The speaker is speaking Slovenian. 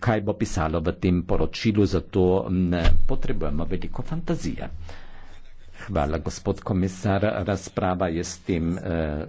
kaj bo pisalo v tem poročilu, zato potrebujemo veliko fantazije. Hvala, gospod komisar. Razprava je s tem eh,